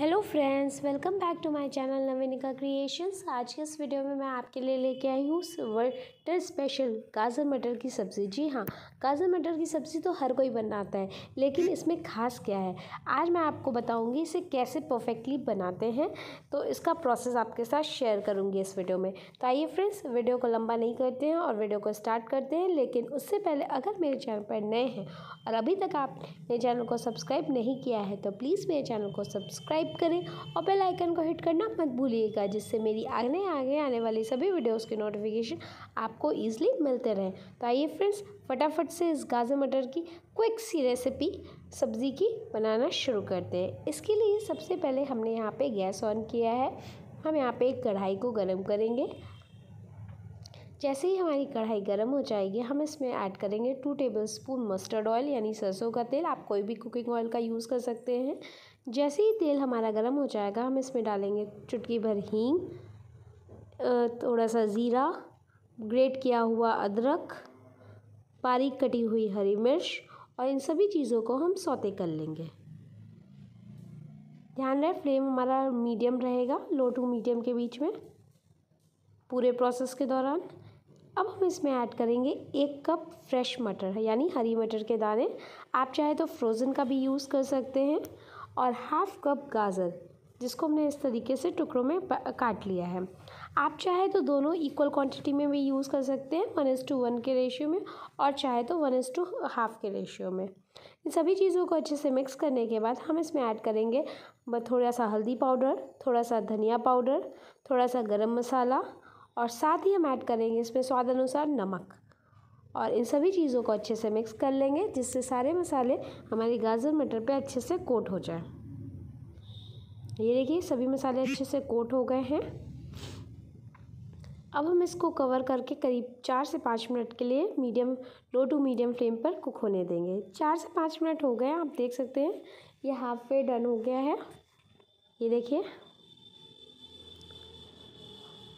Hello friends welcome back to my channel Navinika creations आज के इस वीडियो में मैं आपके लिए लेके आई हूँ टर स्पेशल गाजर मटर की सब्ज़ी जी हाँ गाजर मटर की सब्ज़ी तो हर कोई बनाता है लेकिन इसमें खास क्या है आज मैं आपको बताऊंगी इसे कैसे परफेक्टली बनाते हैं तो इसका प्रोसेस आपके साथ शेयर करूंगी इस वीडियो में तो आइए फ्रेंड्स वीडियो को लंबा नहीं करते हैं और वीडियो को स्टार्ट करते हैं लेकिन उससे पहले अगर मेरे चैनल पर नए हैं और अभी तक आप मेरे चैनल को सब्सक्राइब नहीं किया है तो प्लीज़ मेरे चैनल को सब्सक्राइब करें और बेलाइकन को हिट करना मत भूलिएगा जिससे मेरी आगे आगे आने वाली सभी वीडियोज़ की नोटिफिकेशन आप आपको ईजिली मिलते रहें तो आइए फ्रेंड्स फटाफट से इस गाजर मटर की क्विक सी रेसिपी सब्ज़ी की बनाना शुरू करते हैं इसके लिए सबसे पहले हमने यहाँ पे गैस ऑन किया है हम यहाँ पे एक कढ़ाई को गर्म करेंगे जैसे ही हमारी कढ़ाई गर्म हो जाएगी हम इसमें ऐड करेंगे two tablespoon mustard oil यानी सरसों का तेल आप कोई भी कुकिंग ऑयल का यूज़ कर सकते हैं जैसे ही तेल हमारा गर्म हो जाएगा हम इसमें डालेंगे चुटकी भर हींग थोड़ा सा ज़ीरा ग्रेट किया हुआ अदरक बारीक कटी हुई हरी मिर्च और इन सभी चीज़ों को हम सौते कर लेंगे ध्यान रहे फ्लेम हमारा मीडियम रहेगा लो टू मीडियम के बीच में पूरे प्रोसेस के दौरान अब हम इसमें ऐड करेंगे एक कप फ्रेश मटर यानी हरी मटर के दाने आप चाहे तो फ्रोज़न का भी यूज़ कर सकते हैं और हाफ कप गाजर जिसको हमने इस तरीके से टुकड़ों में काट लिया है आप चाहे तो दोनों इक्वल क्वांटिटी में भी यूज़ कर सकते हैं वन एज़ टू वन के रेशियो में और चाहे तो वन एज़ टू हाफ के रेशियो में इन सभी चीज़ों को अच्छे से मिक्स करने के बाद हम इसमें ऐड करेंगे थोड़ा सा हल्दी पाउडर थोड़ा सा धनिया पाउडर थोड़ा सा गर्म मसाला और साथ ही हम ऐड करेंगे इसमें स्वाद अनुसार नमक और इन सभी चीज़ों को अच्छे से मिक्स कर लेंगे जिससे सारे मसाले हमारी गाजर मटर पे अच्छे से कोट हो जाए तो ये देखिए सभी मसाले अच्छे से कोट हो गए हैं अब हम इसको कवर करके करीब चार से पाँच मिनट के लिए medium low to medium flame पर कुक होने देंगे चार से पाँच मिनट हो गए आप देख सकते हैं ये हाफ वे डन हो गया है ये देखिए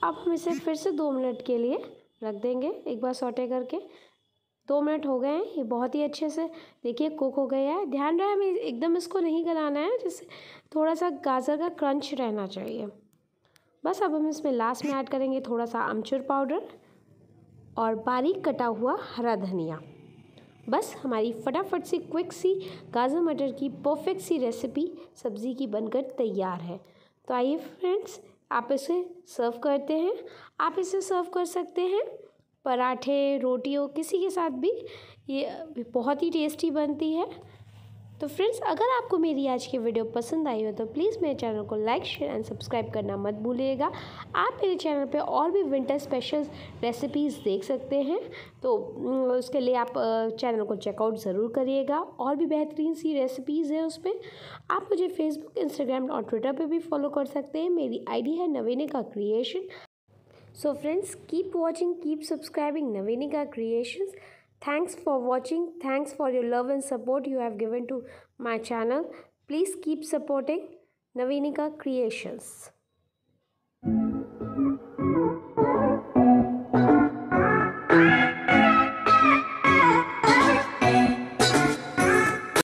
अब हम इसे फिर से दो मिनट के लिए रख देंगे एक बार सोटे करके दो मिनट हो गए हैं ये बहुत ही अच्छे से देखिए कुक हो गया है ध्यान रहे हमें एकदम इसको नहीं गलाना है जिससे थोड़ा सा गाजर का क्रंच रहना चाहिए बस अब हम इसमें लास्ट में ऐड करेंगे थोड़ा सा अमचूर पाउडर और बारीक कटा हुआ हरा धनिया बस हमारी फटाफट सी क्विक सी गाजर मटर की परफेक्ट सी रेसिपी सब्ज़ी की बनकर तैयार है तो आइए फ्रेंड्स आप इसे सर्व करते हैं आप इसे सर्व कर सकते हैं पराठे रोटी हो किसी के साथ भी ये बहुत ही टेस्टी बनती है तो फ्रेंड्स अगर आपको मेरी आज की वीडियो पसंद आई हो तो प्लीज़ मेरे चैनल को लाइक शेयर एंड सब्सक्राइब करना मत भूलिएगा आप मेरे चैनल पे और भी विंटर स्पेशल रेसिपीज़ देख सकते हैं तो उसके लिए आप चैनल को चेकआउट ज़रूर करिएगा और भी बेहतरीन सी रेसिपीज़ है उस पर आप मुझे फेसबुक इंस्टाग्राम और ट्विटर पर भी फॉलो कर सकते हैं मेरी आईडी है नवीने का creation So friends, keep watching, keep subscribing Navinika Creations. Thanks for watching. Thanks for your love and support you have given to my channel. Please keep supporting Navinika Creations.